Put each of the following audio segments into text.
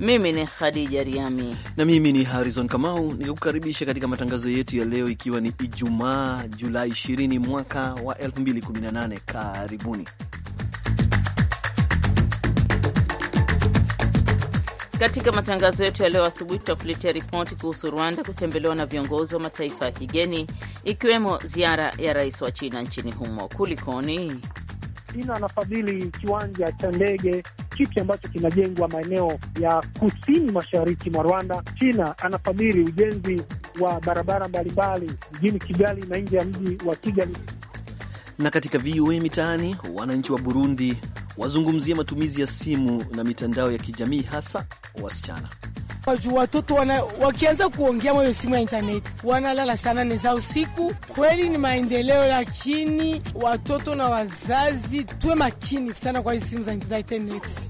mimi ni Khadija Riami na mimi ni Harrison Kamau, nikukaribisha katika matangazo yetu ya leo, ikiwa ni Ijumaa Julai 20 mwaka wa 2018. Karibuni katika matangazo yetu ya leo asubuhi. Tutakuletea ripoti kuhusu Rwanda kutembelewa na viongozi wa mataifa ya kigeni, ikiwemo ziara ya rais wa China nchini humo. Kulikoni? China anafadhili kiwanja cha ndege kipi ambacho kinajengwa maeneo ya kusini mashariki mwa Rwanda. China anafadhili ujenzi wa barabara mbalimbali mjini Kigali na nje ya mji wa Kigali. Na katika VOA Mitaani, wananchi wa Burundi wazungumzia matumizi ya simu na mitandao ya kijamii, hasa wasichana hapa juu watoto wana, wakianza kuongea moyo simu ya intaneti wanalala sana neza za usiku. Kweli ni maendeleo, lakini watoto na wazazi tuwe makini sana kwa hii simu za intaneti.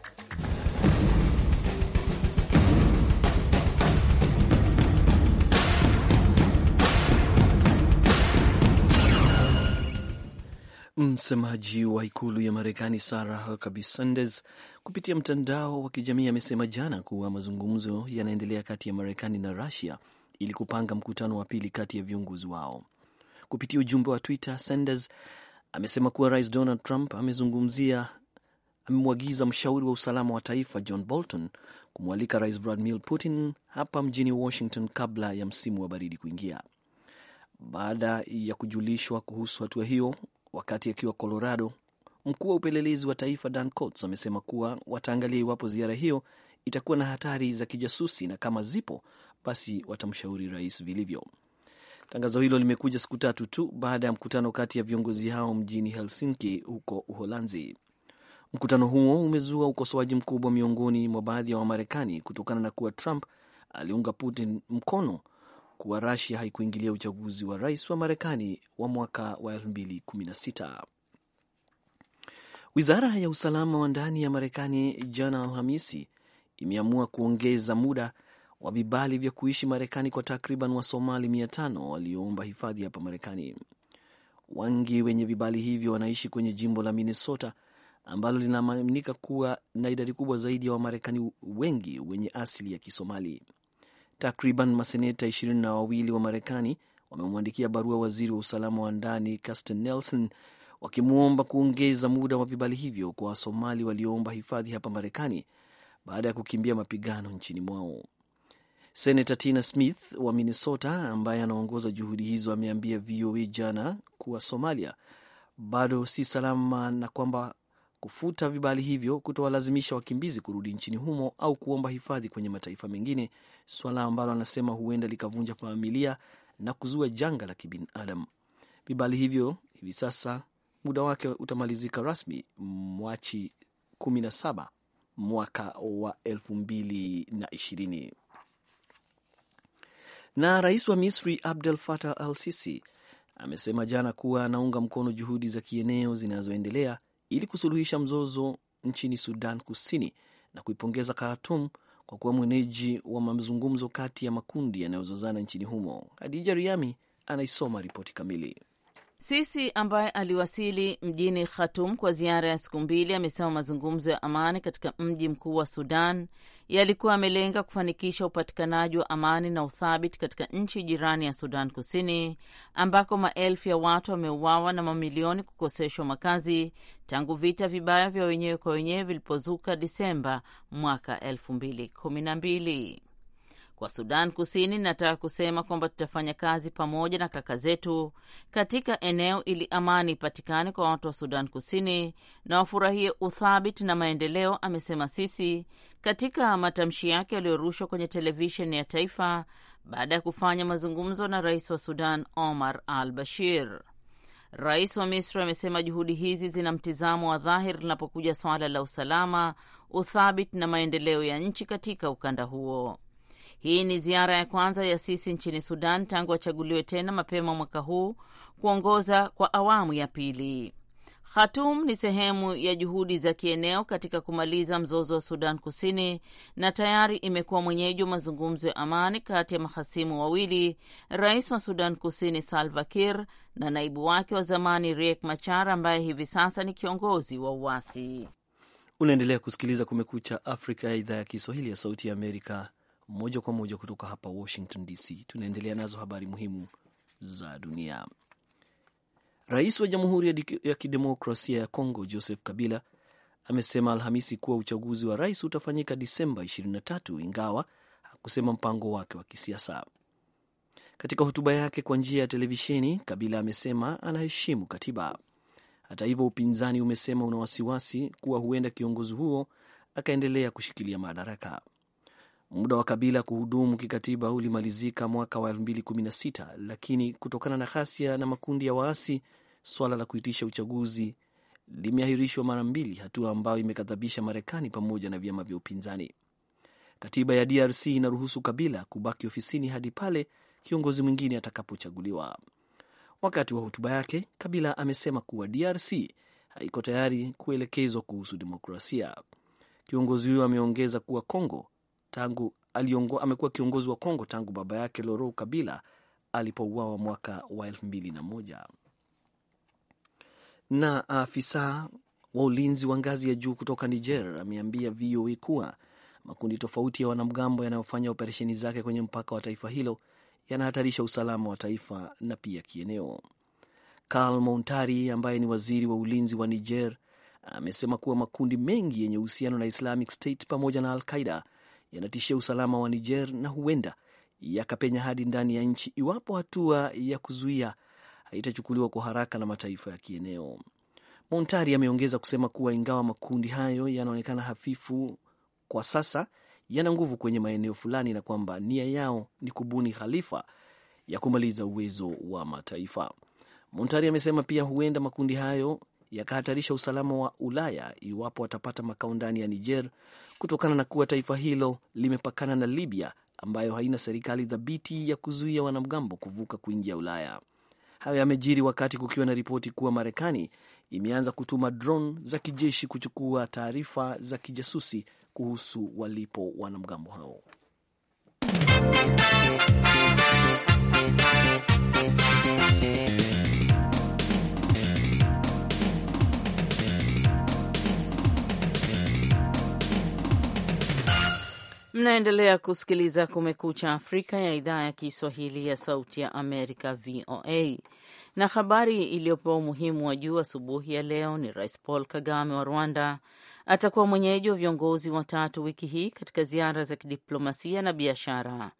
Msemaji wa ikulu ya Marekani Sarah Huckabee Sanders kupitia mtandao wa kijamii amesema jana kuwa mazungumzo yanaendelea kati ya Marekani na Rusia ili kupanga mkutano wa pili kati ya viongozi wao. Kupitia ujumbe wa Twitter, Sanders amesema kuwa Rais Donald Trump amezungumzia amemwagiza mshauri wa usalama wa taifa John Bolton kumwalika Rais Vladimir Putin hapa mjini Washington kabla ya msimu wa baridi kuingia. Baada ya kujulishwa kuhusu hatua hiyo, Wakati akiwa Colorado, mkuu wa upelelezi wa taifa Dan Coats amesema kuwa wataangalia iwapo ziara hiyo itakuwa na hatari za kijasusi na kama zipo, basi watamshauri rais vilivyo. Tangazo hilo limekuja siku tatu tu baada ya mkutano kati ya viongozi hao mjini Helsinki huko Uholanzi. Mkutano huo umezua ukosoaji mkubwa miongoni mwa baadhi ya Wamarekani kutokana na kuwa Trump aliunga Putin mkono kuwa Russia haikuingilia uchaguzi wa rais wa Marekani wa mwaka wa 2016. Wizara ya usalama wa ndani ya Marekani jana Alhamisi imeamua kuongeza muda wa vibali vya kuishi Marekani kwa takriban Wasomali 500 walioomba hifadhi hapa Marekani. Wangi wenye vibali hivyo wanaishi kwenye jimbo la Minnesota ambalo linaaminika kuwa na idadi kubwa zaidi ya Wamarekani wengi wenye asili ya Kisomali. Takriban maseneta ishirini na wawili wa Marekani wamemwandikia barua waziri wa usalama wa ndani Kirsten Nelson wakimwomba kuongeza muda wa vibali hivyo kwa Wasomali walioomba hifadhi hapa Marekani baada ya kukimbia mapigano nchini mwao. Senata Tina Smith wa Minnesota, ambaye anaongoza juhudi hizo, ameambia VOA jana kuwa Somalia bado si salama na kwamba kufuta vibali hivyo kutowalazimisha wakimbizi kurudi nchini humo au kuomba hifadhi kwenye mataifa mengine, suala ambalo anasema huenda likavunja familia na kuzua janga la kibinadamu. Vibali hivyo hivi sasa muda wake utamalizika rasmi Machi 17 mwaka wa 2020. Na rais wa Misri Abdel Fattah al Sisi amesema jana kuwa anaunga mkono juhudi za kieneo zinazoendelea ili kusuluhisha mzozo nchini Sudan Kusini na kuipongeza Khartoum kwa kuwa mwenyeji wa mazungumzo kati ya makundi yanayozozana nchini humo. Hadija Riami anaisoma ripoti kamili. Sisi ambaye aliwasili mjini Khartoum kwa ziara ya siku mbili amesema mazungumzo ya amani katika mji mkuu wa Sudan yalikuwa yamelenga kufanikisha upatikanaji wa amani na uthabiti katika nchi jirani ya Sudan Kusini, ambako maelfu ya watu wameuawa na mamilioni kukoseshwa makazi tangu vita vibaya vya wenyewe kwa wenyewe vilipozuka Disemba mwaka elfu mbili kumi na mbili. Kwa Sudan Kusini, nataka kusema kwamba tutafanya kazi pamoja na kaka zetu katika eneo ili amani ipatikane kwa watu wa Sudan Kusini na wafurahie uthabiti na maendeleo, amesema Sisi katika matamshi yake yaliyorushwa kwenye televisheni ya taifa baada ya kufanya mazungumzo na rais wa Sudan Omar al Bashir. Rais wa Misri amesema juhudi hizi zina mtizamo wa dhahir linapokuja suala la usalama, uthabiti na maendeleo ya nchi katika ukanda huo. Hii ni ziara ya kwanza ya Sisi nchini Sudan tangu achaguliwe tena mapema mwaka huu kuongoza kwa awamu ya pili. khatum ni sehemu ya juhudi za kieneo katika kumaliza mzozo wa Sudan Kusini na tayari imekuwa mwenyeji wa mazungumzo ya amani kati ya mahasimu wawili, Rais wa Sudan Kusini Salva Kiir na naibu wake wa zamani Riek Machar ambaye hivi sasa ni kiongozi wa uasi. Unaendelea kusikiliza Kumekucha Afrika ya idhaa ya Kiswahili ya Sauti ya Amerika moja kwa moja kutoka hapa Washington DC. Tunaendelea nazo habari muhimu za dunia. Rais wa Jamhuri ya Kidemokrasia ya congo Joseph Kabila amesema Alhamisi kuwa uchaguzi wa rais utafanyika Disemba 23 ingawa hakusema mpango wake wa kisiasa. Katika hotuba yake kwa njia ya televisheni, Kabila amesema anaheshimu katiba. Hata hivyo, upinzani umesema una wasiwasi kuwa huenda kiongozi huo akaendelea kushikilia madaraka. Muda wa Kabila kuhudumu kikatiba ulimalizika mwaka wa 2016 lakini kutokana na ghasia na makundi ya waasi, swala la kuitisha uchaguzi limeahirishwa mara mbili, hatua ambayo imekadhabisha Marekani pamoja na vyama vya upinzani. Katiba ya DRC inaruhusu Kabila kubaki ofisini hadi pale kiongozi mwingine atakapochaguliwa. Wakati wa hotuba yake, Kabila amesema kuwa DRC haiko tayari kuelekezwa kuhusu demokrasia. Kiongozi huyo ameongeza kuwa congo tangu aliongo, amekuwa kiongozi wa Kongo tangu baba yake loro Kabila alipouawa mwaka wa elfu mbili na moja. Na afisa wa ulinzi wa ngazi ya juu kutoka Niger ameambia VOA kuwa makundi tofauti ya wanamgambo yanayofanya operesheni zake kwenye mpaka wa taifa hilo yanahatarisha usalama wa taifa na pia kieneo. Karl Montari ambaye ni waziri wa ulinzi wa Niger amesema kuwa makundi mengi yenye uhusiano na Islamic State pamoja na Al Qaida yanatishia usalama wa Niger na huenda yakapenya hadi ndani ya nchi iwapo hatua ya kuzuia haitachukuliwa kwa haraka na mataifa ya kieneo. Montari ameongeza kusema kuwa ingawa makundi hayo yanaonekana hafifu kwa sasa, yana nguvu kwenye maeneo fulani na kwamba nia yao ni kubuni khalifa ya kumaliza uwezo wa mataifa. Montari amesema pia huenda makundi hayo yakahatarisha usalama wa Ulaya iwapo watapata makao ndani ya Niger, kutokana na kuwa taifa hilo limepakana na Libya ambayo haina serikali thabiti ya kuzuia wanamgambo kuvuka kuingia Ulaya. Hayo yamejiri wakati kukiwa na ripoti kuwa Marekani imeanza kutuma drone za kijeshi kuchukua taarifa za kijasusi kuhusu walipo wanamgambo hao. Mnaendelea kusikiliza Kumekucha Afrika ya idhaa ya Kiswahili ya Sauti ya Amerika, VOA. Na habari iliyopewa umuhimu wa juu asubuhi ya leo ni Rais Paul Kagame wa Rwanda atakuwa mwenyeji wa viongozi watatu wiki hii katika ziara za kidiplomasia na biashara.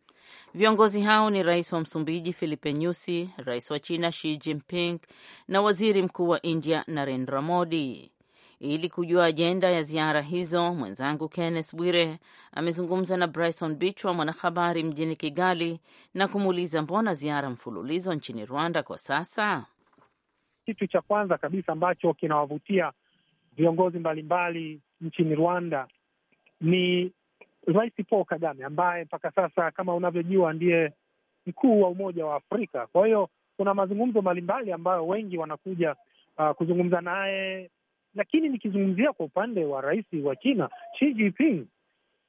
Viongozi hao ni rais wa Msumbiji Filipe Nyusi, rais wa China Xi Jinping na waziri mkuu wa India Narendra Modi. Ili kujua ajenda ya ziara hizo, mwenzangu Kenneth Bwire amezungumza na Bryson Bichwa, mwanahabari mjini Kigali, na kumuuliza mbona ziara mfululizo nchini Rwanda kwa sasa. Kitu cha kwanza kabisa ambacho kinawavutia viongozi mbalimbali nchini Rwanda ni Rais Paul Kagame ambaye mpaka sasa kama unavyojua ndiye mkuu wa Umoja wa Afrika. Kwa hiyo kuna mazungumzo mbalimbali ambayo wengi wanakuja uh, kuzungumza naye lakini nikizungumzia kwa upande wa rais wa China Xi Jinping,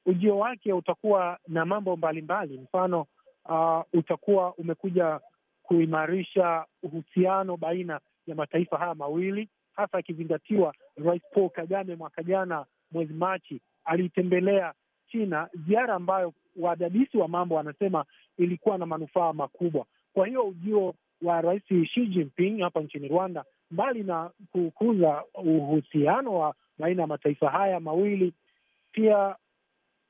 ujio wake utakuwa na mambo mbalimbali mbali. Mfano uh, utakuwa umekuja kuimarisha uhusiano baina ya mataifa haya mawili hasa akizingatiwa Rais Paul Kagame mwaka jana mwezi Machi aliitembelea China, ziara ambayo wadadisi wa mambo wanasema ilikuwa na manufaa makubwa. Kwa hiyo ujio wa Rais Xi Jinping hapa nchini Rwanda mbali na kukuza uhusiano wa baina ya mataifa haya mawili, pia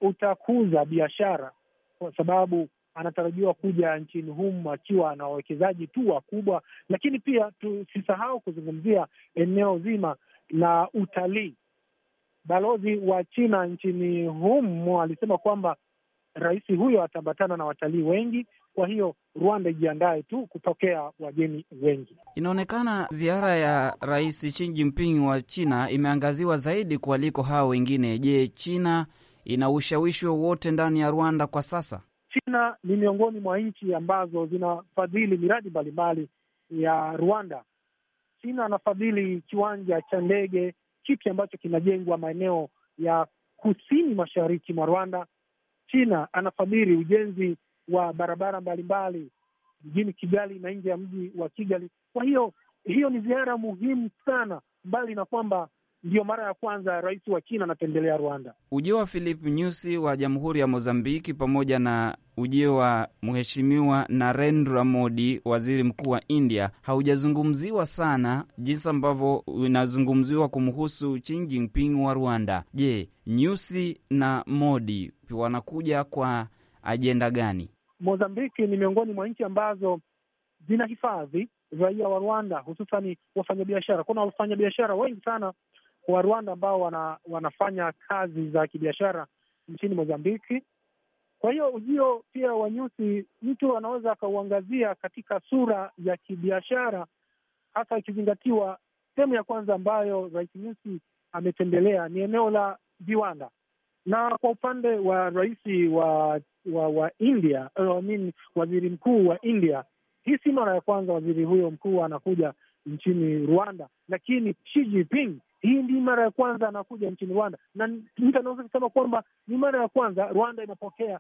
utakuza biashara, kwa sababu anatarajiwa kuja nchini humu akiwa na wawekezaji tu wakubwa, lakini pia tusisahau kuzungumzia eneo zima la utalii. Balozi wa China nchini humu alisema kwamba rais huyo ataambatana na watalii wengi. Kwa hiyo Rwanda ijiandae tu kupokea wageni wengi. Inaonekana ziara ya rais Xi Jinping wa China imeangaziwa zaidi kuliko hao wengine. Je, China ina ushawishi wowote ndani ya Rwanda kwa sasa? China ni miongoni mwa nchi ambazo zinafadhili miradi mbalimbali ya Rwanda. China anafadhili kiwanja cha ndege kipya ambacho kinajengwa maeneo ya kusini mashariki mwa Rwanda China anafadhili ujenzi wa barabara mbalimbali mjini Kigali na nje ya mji wa Kigali. Kwa hiyo hiyo ni ziara muhimu sana, mbali na kwamba ndiyo mara ya kwanza rais wa China anatembelea Rwanda. Ujio wa Philip Nyusi wa jamhuri ya Mozambiki pamoja na ujio wa mheshimiwa Narendra Modi, waziri mkuu wa India, haujazungumziwa sana jinsi ambavyo inazungumziwa kumhusu Xi Jinping wa Rwanda. Je, Nyusi na Modi wanakuja kwa ajenda gani? Mozambiki ni miongoni mwa nchi ambazo zinahifadhi raia wa Rwanda, hususani wafanyabiashara. Kuna wafanyabiashara wengi sana wa Rwanda ambao wana, wanafanya kazi za kibiashara nchini Mozambiki. Kwa hiyo ujio pia wa nyusi mtu anaweza akauangazia katika sura ya kibiashara, hasa ikizingatiwa sehemu ya kwanza ambayo Rais Nyusi ametembelea ni eneo la viwanda, na kwa upande wa rais wa wa, wa India eh, I mean, waziri mkuu wa India, hii si mara ya kwanza waziri huyo mkuu anakuja nchini Rwanda, lakini Xi Jinping hii ndi mara ya kwanza anakuja nchini Rwanda, na mtu anaweza kusema kwamba ni mara ya kwanza Rwanda inapokea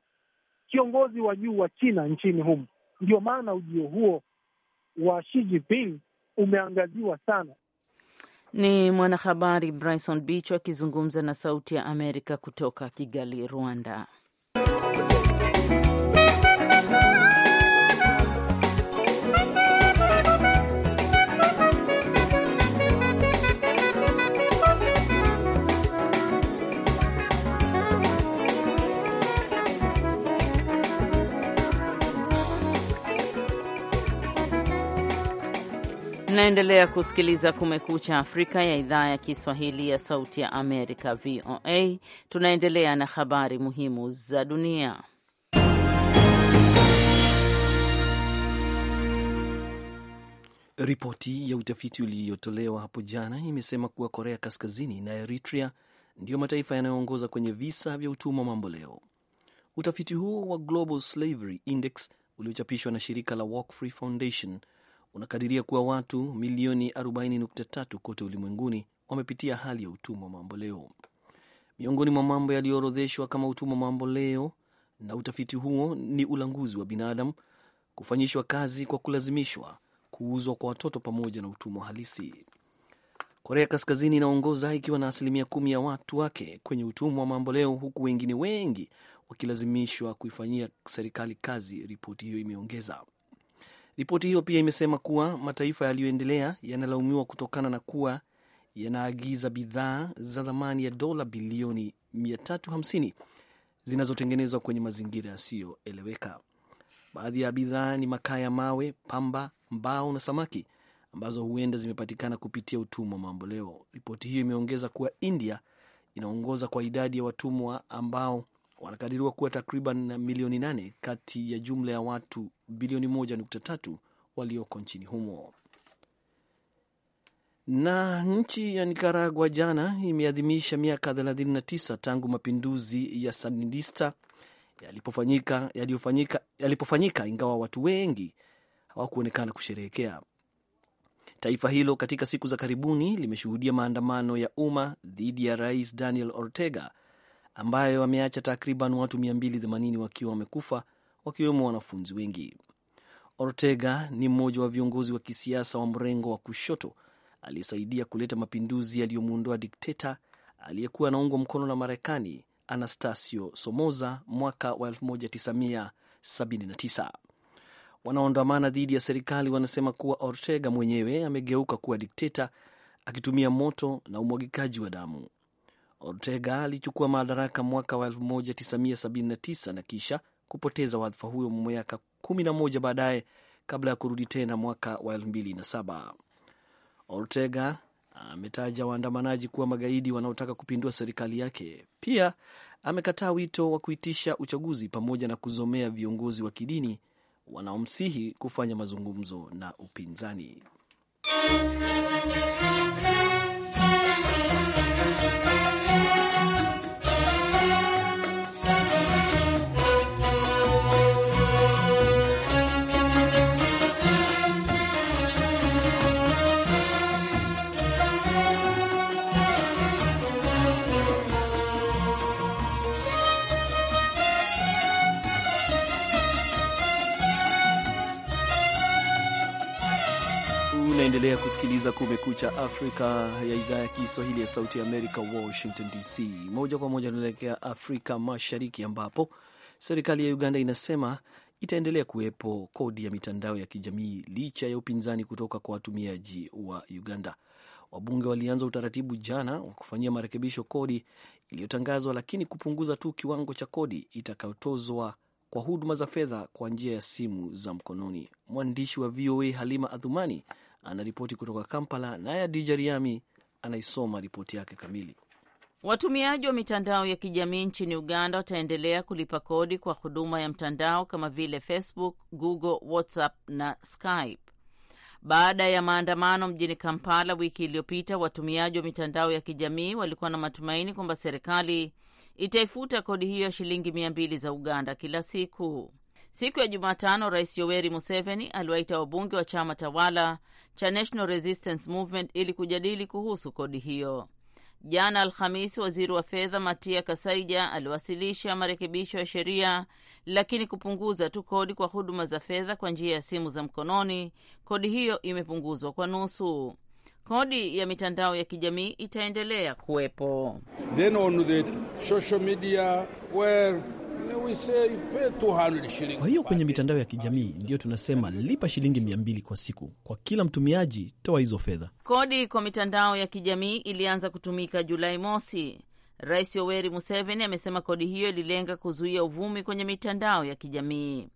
kiongozi wa juu wa China nchini humu Ndio maana ujio huo wa Xi Jinping umeangaziwa sana. Ni mwanahabari Bryson Bicho akizungumza na Sauti ya Amerika kutoka Kigali, Rwanda. Mnaendelea kusikiliza Kumekucha Afrika ya idhaa ya Kiswahili ya Sauti ya Amerika, VOA. Tunaendelea na habari muhimu za dunia. Ripoti ya utafiti uliyotolewa hapo jana imesema kuwa Korea Kaskazini na Eritrea ndiyo mataifa yanayoongoza kwenye visa vya utumwa mamboleo Utafiti huo wa Global Slavery Index uliochapishwa na shirika la Walk Free Foundation unakadiria kuwa watu milioni 40.3 kote ulimwenguni wamepitia hali ya utumwa mamboleo. Miongoni mwa mambo yaliyoorodheshwa kama utumwa mamboleo na utafiti huo ni ulanguzi wa binadamu, kufanyishwa kazi kwa kulazimishwa, kuuzwa kwa watoto pamoja na utumwa halisi. Korea Kaskazini inaongoza ikiwa na asilimia kumi ya watu wake kwenye utumwa wa mamboleo, huku wengine wengi wakilazimishwa kuifanyia serikali kazi, ripoti hiyo imeongeza. Ripoti hiyo pia imesema kuwa mataifa yaliyoendelea yanalaumiwa kutokana na kuwa yanaagiza bidhaa za thamani ya dola bilioni 350 zinazotengenezwa kwenye mazingira yasiyoeleweka. Baadhi ya bidhaa ni makaa ya mawe, pamba, mbao na samaki ambazo huenda zimepatikana kupitia utumwa mamboleo. Ripoti hiyo imeongeza kuwa India inaongoza kwa idadi ya watumwa ambao wanakadiriwa kuwa takriban milioni nane kati ya jumla ya watu bilioni 1.3 walioko nchini humo. Na nchi ya Nikaragua jana imeadhimisha miaka 39 tangu mapinduzi ya Sandinista yalipofanyika, yalipofanyika, yalipofanyika ingawa watu wengi hawakuonekana kusherehekea. Taifa hilo katika siku za karibuni limeshuhudia maandamano ya umma dhidi ya Rais Daniel Ortega ambayo ameacha takriban watu 280 wakiwa wamekufa wakiwemo wanafunzi wengi. Ortega ni mmoja wa viongozi wa kisiasa wa mrengo wa kushoto aliyesaidia kuleta mapinduzi yaliyomuondoa dikteta aliyekuwa anaungwa mkono na Marekani Anastasio Somoza mwaka wa 1979. Wanaoandamana dhidi ya serikali wanasema kuwa Ortega mwenyewe amegeuka kuwa dikteta akitumia moto na umwagikaji wa damu. Ortega alichukua madaraka mwaka wa 1979 na kisha kupoteza wadhifa huyo miaka moja baadaye kabla ya kurudi tena mwaka wa saba. Ortega ametaja waandamanaji kuwa magaidi wanaotaka kupindua serikali yake. Pia amekataa wito wa kuitisha uchaguzi pamoja na kuzomea viongozi wa kidini wanaomsihi kufanya mazungumzo na upinzani. Unaendelea kusikiliza Kumekucha Afrika ya idhaa ya Kiswahili ya Sauti ya Amerika, Washington DC. Moja kwa moja tunaelekea Afrika Mashariki, ambapo serikali ya Uganda inasema itaendelea kuwepo kodi ya mitandao ya kijamii licha ya upinzani kutoka kwa watumiaji wa Uganda. Wabunge walianza utaratibu jana wa kufanyia marekebisho kodi iliyotangazwa, lakini kupunguza tu kiwango cha kodi itakayotozwa kwa huduma za fedha kwa njia ya simu za mkononi. Mwandishi wa VOA Halima Adhumani anaripoti kutoka Kampala, naye Adija Riami anaisoma ripoti yake kamili. Watumiaji wa mitandao ya kijamii nchini Uganda wataendelea kulipa kodi kwa huduma ya mtandao kama vile Facebook, Google, WhatsApp na Skype. Baada ya maandamano mjini Kampala wiki iliyopita, watumiaji wa mitandao ya kijamii walikuwa na matumaini kwamba serikali itaifuta kodi hiyo ya shilingi mia mbili za Uganda kila siku. Siku ya Jumatano, Rais Yoweri Museveni aliwaita wabunge wa chama tawala cha National Resistance Movement ili kujadili kuhusu kodi hiyo. Jana Alhamisi, waziri wa fedha Matia Kasaija aliwasilisha marekebisho ya sheria, lakini kupunguza tu kodi kwa huduma za fedha kwa njia ya simu za mkononi. Kodi hiyo imepunguzwa kwa nusu. Kodi ya mitandao ya kijamii itaendelea kuwepo. Then on the social media where kwa hiyo kwenye mitandao ya kijamii ndiyo tunasema lipa shilingi mia mbili kwa siku kwa kila mtumiaji, toa hizo fedha. Kodi kwa mitandao ya kijamii ilianza kutumika Julai mosi. Rais Yoweri Museveni amesema kodi hiyo ililenga kuzuia uvumi kwenye mitandao ya kijamii,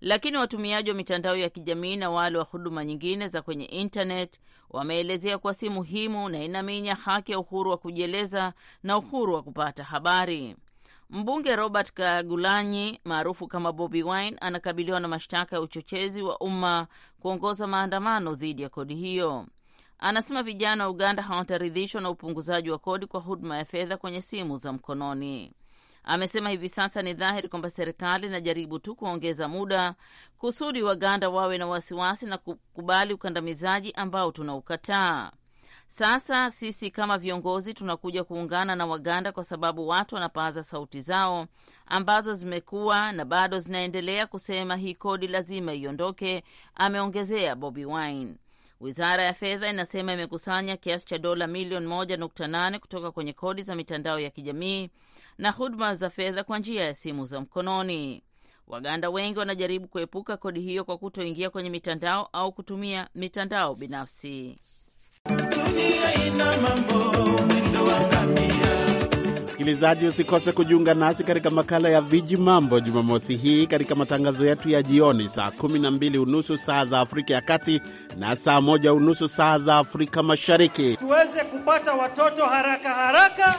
lakini watumiaji wa mitandao ya kijamii na wale wa huduma nyingine za kwenye intanet wameelezea kuwa si muhimu na inaminya haki ya uhuru wa kujieleza na uhuru wa kupata habari. Mbunge Robert Kagulanyi maarufu kama Bobi Wine anakabiliwa na mashtaka ya uchochezi wa umma kuongoza maandamano dhidi ya kodi hiyo. Anasema vijana wa Uganda hawataridhishwa na upunguzaji wa kodi kwa huduma ya fedha kwenye simu za mkononi. Amesema hivi sasa ni dhahiri kwamba serikali inajaribu tu kuongeza muda kusudi Waganda wawe na wasiwasi na kukubali ukandamizaji ambao tunaukataa. Sasa sisi kama viongozi tunakuja kuungana na Waganda kwa sababu watu wanapaza sauti zao ambazo zimekuwa na bado zinaendelea kusema hii kodi lazima iondoke, ameongezea Bobi Wine. Wizara ya fedha inasema imekusanya kiasi cha dola milioni moja kutoka kwenye kodi za mitandao ya kijamii na huduma za fedha kwa njia ya simu za mkononi. Waganda wengi wanajaribu kuepuka kodi hiyo kwa kutoingia kwenye mitandao au kutumia mitandao binafsi. Msikilizaji, usikose kujiunga nasi katika makala ya Viji Mambo Jumamosi hii katika matangazo yetu ya jioni saa kumi na mbili unusu saa za Afrika ya Kati na saa moja unusu saa za Afrika Mashariki, tuweze kupata watoto haraka haraka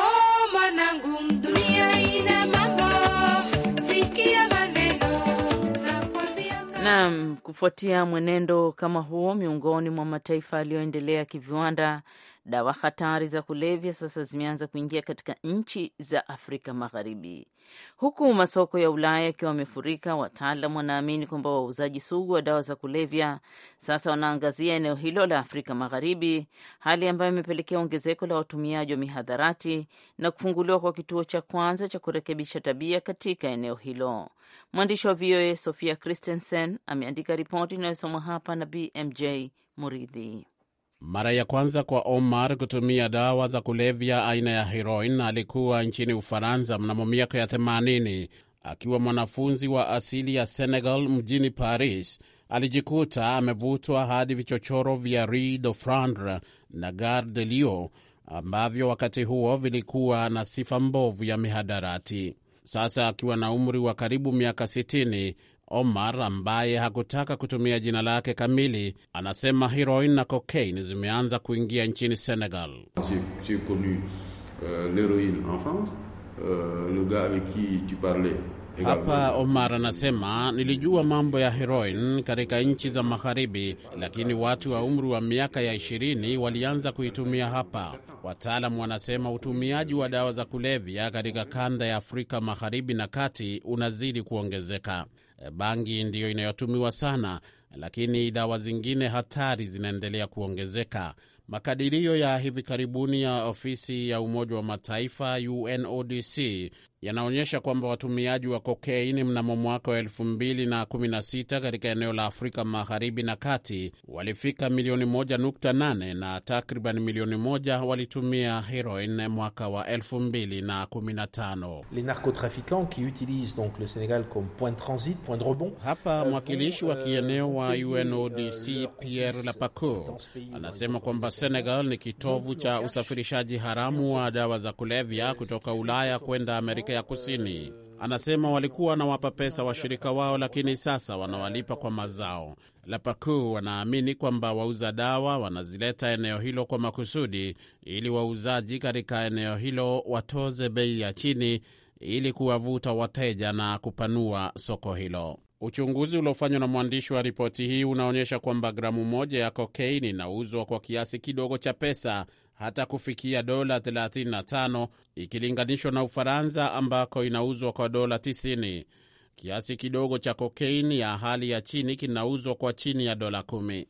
Naam, kufuatia mwenendo kama huo miongoni mwa mataifa yaliyoendelea kiviwanda dawa hatari za kulevya sasa zimeanza kuingia katika nchi za Afrika Magharibi, huku masoko ya Ulaya yakiwa wamefurika. Wataalam wanaamini kwamba wauzaji sugu wa dawa za kulevya sasa wanaangazia eneo hilo la Afrika Magharibi, hali ambayo imepelekea ongezeko la watumiaji wa mihadharati na kufunguliwa kwa kituo cha kwanza cha kurekebisha tabia katika eneo hilo. Mwandishi wa VOA Sofia Christensen ameandika ripoti inayosomwa hapa na BMJ Muridhi. Mara ya kwanza kwa Omar kutumia dawa za kulevya aina ya heroin alikuwa nchini Ufaransa mnamo miaka ya 80 akiwa mwanafunzi wa asili ya Senegal mjini Paris. Alijikuta amevutwa hadi vichochoro vya ri de Flandre na Gare de Lio ambavyo wakati huo vilikuwa na sifa mbovu ya mihadarati. Sasa akiwa na umri wa karibu miaka 60 Omar ambaye hakutaka kutumia jina lake kamili anasema heroin na cocaine zimeanza kuingia nchini Senegal. J'ai connu euh, lheroine en France, euh, le gars avec qui tu parlais hapa Omar anasema nilijua mambo ya heroin katika nchi za magharibi, lakini watu wa umri wa miaka ya ishirini walianza kuitumia hapa. Wataalamu wanasema utumiaji wa dawa za kulevya katika kanda ya Afrika magharibi na kati unazidi kuongezeka. Bangi ndiyo inayotumiwa sana, lakini dawa zingine hatari zinaendelea kuongezeka. Makadirio ya hivi karibuni ya ofisi ya Umoja wa Mataifa UNODC yanaonyesha kwamba watumiaji wa kokeini mnamo mwaka wa 2016 katika eneo la Afrika magharibi na kati walifika milioni 1.8 na takriban milioni moja walitumia heroin mwaka wa 2015. Les narcotrafiquants qui utilisent donc le Senegal comme point de transit, point de rebond. Hapa euh, mwakilishi wa euh, kieneo wa UNODC euh, Pierre Lapaco anasema kwamba Senegal ni kitovu cha usafirishaji haramu wa dawa za kulevya kutoka Ulaya kwenda Amerika Afrika ya Kusini. Anasema walikuwa wanawapa pesa washirika wao, lakini sasa wanawalipa kwa mazao. Lapaku wanaamini kwamba wauza dawa wanazileta eneo hilo kwa makusudi ili wauzaji katika eneo hilo watoze bei ya chini ili kuwavuta wateja na kupanua soko hilo. Uchunguzi uliofanywa na mwandishi wa ripoti hii unaonyesha kwamba gramu moja ya kokeini inauzwa kwa kiasi kidogo cha pesa hata kufikia dola 35 ikilinganishwa na Ufaransa ambako inauzwa kwa dola 90. Kiasi kidogo cha kokaini ya hali ya chini kinauzwa kwa chini ya dola kumi.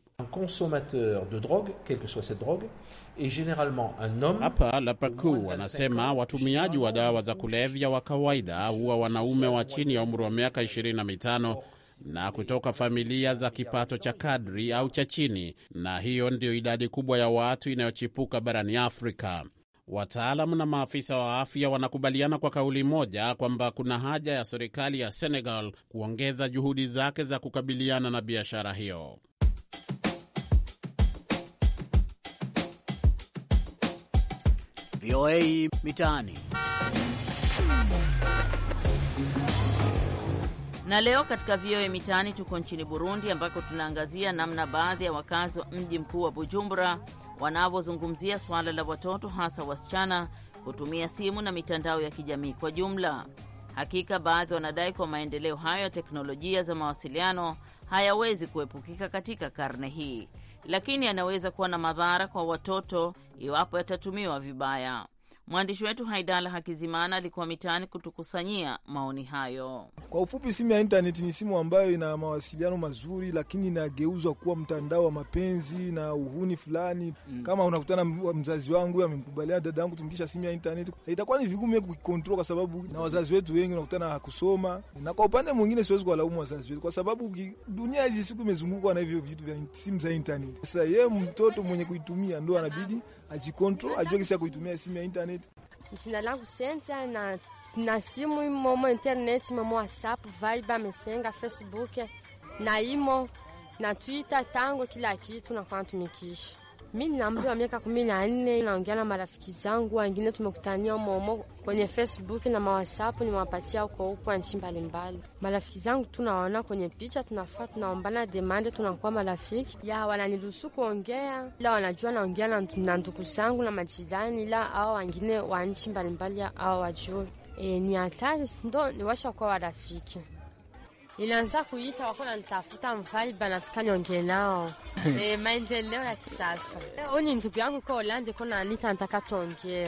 Hapa Lapaku wanasema watumiaji wa dawa za kulevya wa kawaida huwa wanaume wa chini ya umri wa miaka 25 na kutoka familia za kipato cha kadri au cha chini, na hiyo ndiyo idadi kubwa ya watu inayochipuka barani Afrika. Wataalamu na maafisa wa afya wanakubaliana kwa kauli moja kwamba kuna haja ya serikali ya Senegal kuongeza juhudi zake za kukabiliana na biashara hiyo. VOA Mitaani. Na leo katika VOA Mitaani tuko nchini Burundi, ambako tunaangazia namna baadhi ya wakazi wa mji mkuu wa Bujumbura wanavyozungumzia suala la watoto, hasa wasichana, kutumia simu na mitandao ya kijamii kwa jumla. Hakika baadhi wanadai kwa maendeleo hayo ya teknolojia za mawasiliano hayawezi kuepukika katika karne hii, lakini yanaweza kuwa na madhara kwa watoto iwapo yatatumiwa vibaya. Mwandishi wetu Haidala Hakizimana alikuwa mitaani kutukusanyia maoni hayo. Kwa ufupi, simu ya intaneti ni simu ambayo ina mawasiliano mazuri, lakini inageuzwa kuwa mtandao wa mapenzi na uhuni fulani. Mm. Kama unakutana mzazi wangu amemkubaliana dada yangu tumpisha simu ya intaneti, itakuwa ni vigumu kuikontrol, kwa sababu na wazazi wetu wengi unakutana hakusoma. Na kwa upande mwingine, siwezi kuwalaumu wazazi wetu, kwa sababu dunia hizi siku imezungukwa na hivyo vitu vya simu za intaneti. Sasa yeye mtoto mwenye kuitumia ndo anabidi ajikontrol, ajue kisi ya kuitumia simu ya internet. Jina langu Sentia na, na simu imomo internet imomo WhatsApp, Viber, Messenger, Facebook na imo na Twitter tango kila kitu na kwa natumikisha Mi nina umri wa miaka kumi na nne. Naongea na marafiki zangu wengine, tumekutania momo kwenye Facebook na mawhasapu, nimewapatia huko huko nchi mbalimbali. Marafiki zangu tunaona kwenye picha, tunafaa tunaombana demande, tunakuwa marafiki ya wananiruhusu kuongea, ila wanajua naongea na ndugu zangu na majirani, ila ao wengine wa nchi mbalimbali ao wajui. E, ni hatari ndo niwasha kuwa warafiki nilianza kuita wako nanitafuta mfali banataka nyonge nao hmm. e, eh, maendeleo ya kisasa eh, oni ndugu yangu ko Holandi ko anita nataka tuongee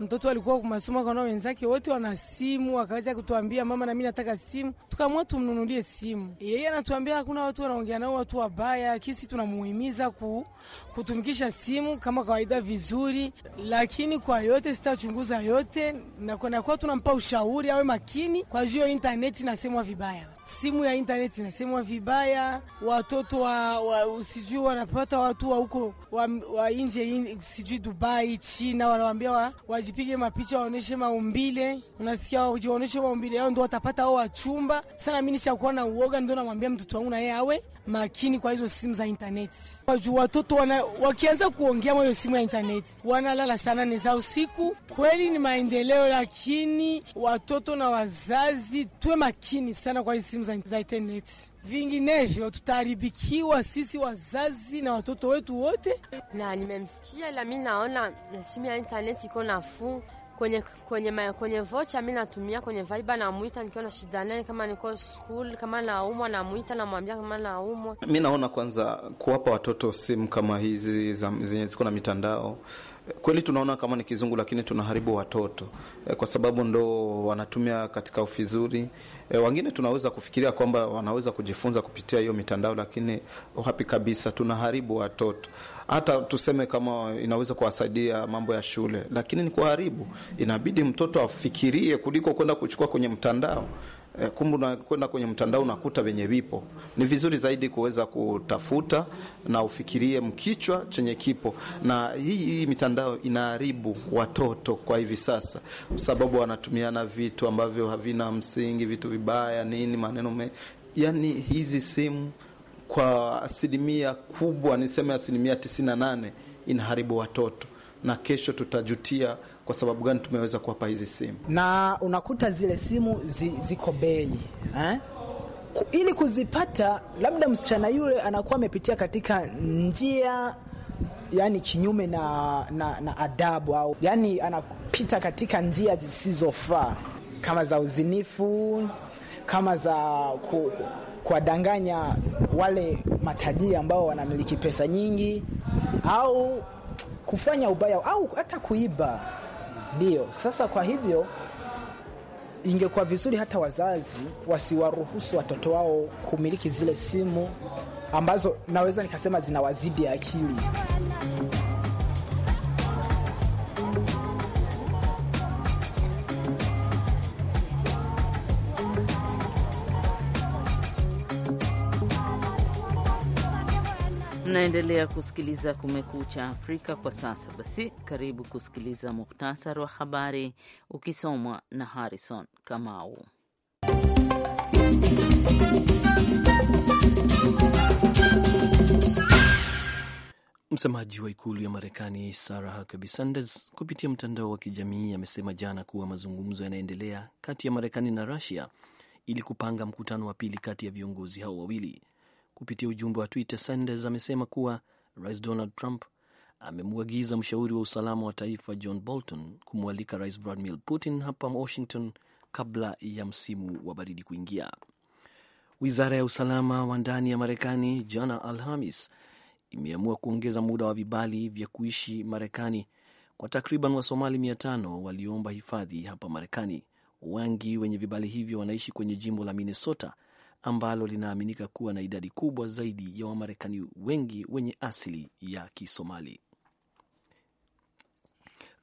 mtoto alikuwa kumasomo kana wenzake wote wana simu, akaja kutuambia mama, nami nataka simu. Tukamua tumnunulie simu, yeye anatuambia hakuna watu wanaongea nao, watu wabaya. Kisi tunamuhimiza ku, kutumikisha simu kama kawaida vizuri, lakini kwa yote sitachunguza yote na kwa, na kwa tunampa ushauri awe makini kwa juu internet intaneti inasemwa vibaya simu ya internet inasemwa vibaya, watoto wa, wa sijui wanapata watu wa huko wa, wa nje sijui Dubai, China, wanawambia wa, wajipige mapicha waoneshe maumbile, unasikia wajionyeshe maumbile yao, ndo watapata ao wachumba sana. Mi nishakuwa na uoga, ndo namwambia mtoto wangu na yeye awe makini kwa hizo simu za intaneti. Wajua watoto wana, wakianza kuongea mwa hiyo simu ya intaneti wanalala sana ni za usiku. Kweli ni maendeleo, lakini watoto na wazazi tuwe makini sana kwa hizo simu za, za intaneti, vinginevyo tutaharibikiwa sisi wazazi na watoto wetu wote. Na nimemsikia Lamine, naona simu ya intaneti iko nafuu kwenye kwenye ma, kwenye vocha mimi natumia kwenye Viber, namwita nikiwa na shida nani, kama niko school, kama naumwa namwita, namwambia kama naumwa. Mimi naona kwanza kuwapa watoto simu kama hizi zenye ziko na mitandao Kweli tunaona kama ni kizungu, lakini tunaharibu watoto eh, kwa sababu ndo wanatumia katika ufizuri. Eh, wengine tunaweza kufikiria kwamba wanaweza kujifunza kupitia hiyo mitandao, lakini wapi kabisa, tunaharibu watoto. Hata tuseme kama inaweza kuwasaidia mambo ya shule, lakini ni kuharibu. Inabidi mtoto afikirie kuliko kwenda kuchukua kwenye mtandao eh, kumbe unakwenda kwenye mtandao unakuta venye vipo. Ni vizuri zaidi kuweza kutafuta na ufikirie mkichwa chenye kipo, na hii, hii mitandao inaharibu watoto kwa hivi sasa, sababu wanatumiana vitu ambavyo havina msingi, vitu vibaya, nini maneno me, yani hizi simu kwa asilimia kubwa niseme asilimia 98 inaharibu watoto, na kesho tutajutia kwa sababu gani tumeweza kuwapa hizi simu, na unakuta zile simu zi, ziko bei eh? Ili kuzipata labda msichana yule anakuwa amepitia katika njia yani kinyume na, na, na adabu au yani anapita katika njia zisizofaa kama za uzinifu kama za ku, kuwadanganya wale matajiri ambao wanamiliki pesa nyingi au kufanya ubaya au hata kuiba. Ndiyo, sasa kwa hivyo ingekuwa vizuri hata wazazi wasiwaruhusu watoto wao kumiliki zile simu ambazo naweza nikasema zinawazidi akili. Mnaendelea kusikiliza Kumekucha Afrika kwa sasa. Basi karibu kusikiliza muhtasari wa habari ukisomwa na Harrison Kamau. Msemaji wa ikulu ya Marekani Sarah Huckabee Sanders kupitia mtandao wa kijamii amesema jana kuwa mazungumzo yanaendelea kati ya Marekani na Rusia ili kupanga mkutano wa pili kati ya viongozi hao wawili. Kupitia ujumbe wa Twitter, Sanders amesema kuwa Rais Donald Trump amemwagiza mshauri wa usalama wa taifa John Bolton kumwalika Rais Vladimir Putin hapa Washington kabla ya msimu wa baridi kuingia. Wizara ya usalama wa ndani ya Marekani jana Alhamis imeamua kuongeza muda wa vibali vya kuishi Marekani kwa takriban Wasomali mia tano walioomba hifadhi hapa Marekani. Wengi wenye vibali hivyo wanaishi kwenye jimbo la Minnesota ambalo linaaminika kuwa na idadi kubwa zaidi ya Wamarekani wengi wenye asili ya Kisomali.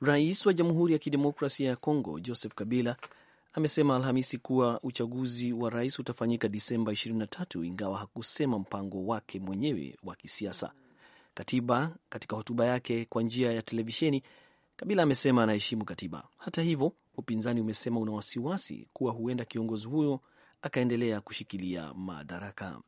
Rais wa Jamhuri ya Kidemokrasia ya Kongo Joseph Kabila amesema Alhamisi kuwa uchaguzi wa rais utafanyika Disemba 23 ingawa hakusema mpango wake mwenyewe wa kisiasa katiba. Katika hotuba yake kwa njia ya televisheni, Kabila amesema anaheshimu katiba. Hata hivyo, upinzani umesema una wasiwasi kuwa huenda kiongozi huyo akaendelea kushikilia madaraka.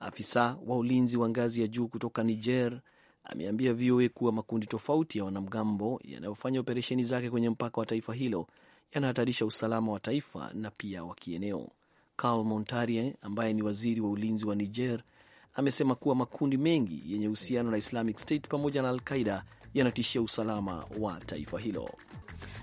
Afisa wa ulinzi wa ngazi ya juu kutoka Niger ameambia VOA kuwa makundi tofauti ya wanamgambo yanayofanya operesheni zake kwenye mpaka wa taifa hilo yanahatarisha usalama wa taifa na pia wa kieneo. Karl Montarie ambaye ni waziri wa ulinzi wa Niger amesema kuwa makundi mengi yenye uhusiano na Islamic State pamoja na Al Qaida yanatishia usalama wa taifa hilo.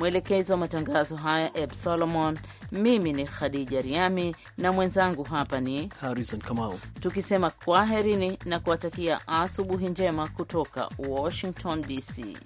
Mwelekezi wa matangazo haya Eb Solomon, mimi ni Khadija Riami na mwenzangu hapa ni Harrison Kamau, tukisema kwaherini na kuwatakia asubuhi njema kutoka Washington DC.